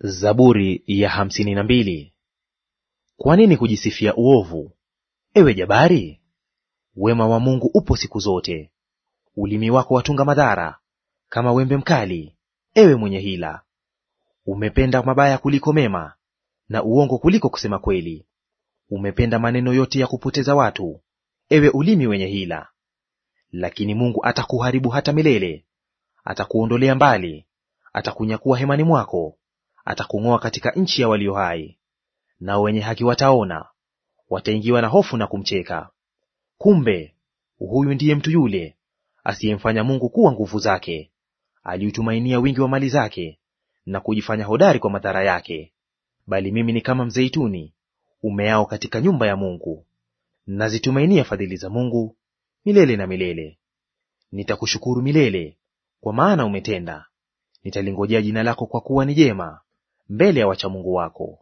Zaburi ya hamsini na mbili. Kwa nini kujisifia uovu, ewe jabari? Wema wa Mungu upo siku zote. Ulimi wako watunga madhara kama wembe mkali, ewe mwenye hila. Umependa mabaya kuliko mema, na uongo kuliko kusema kweli. Umependa maneno yote ya kupoteza watu, ewe ulimi wenye hila. Lakini Mungu atakuharibu hata milele, atakuondolea mbali, atakunyakua hemani mwako atakung'oa katika nchi ya walio hai. Nao wenye haki wataona, wataingiwa na hofu na kumcheka. Kumbe huyu ndiye mtu yule asiyemfanya Mungu kuwa nguvu zake, aliutumainia wingi wa mali zake na kujifanya hodari kwa madhara yake. Bali mimi ni kama mzeituni umeao katika nyumba ya Mungu, nazitumainia fadhili za Mungu milele na milele. Nitakushukuru milele, kwa maana umetenda; nitalingojea jina lako, kwa kuwa ni jema mbele ya wachamungu wako.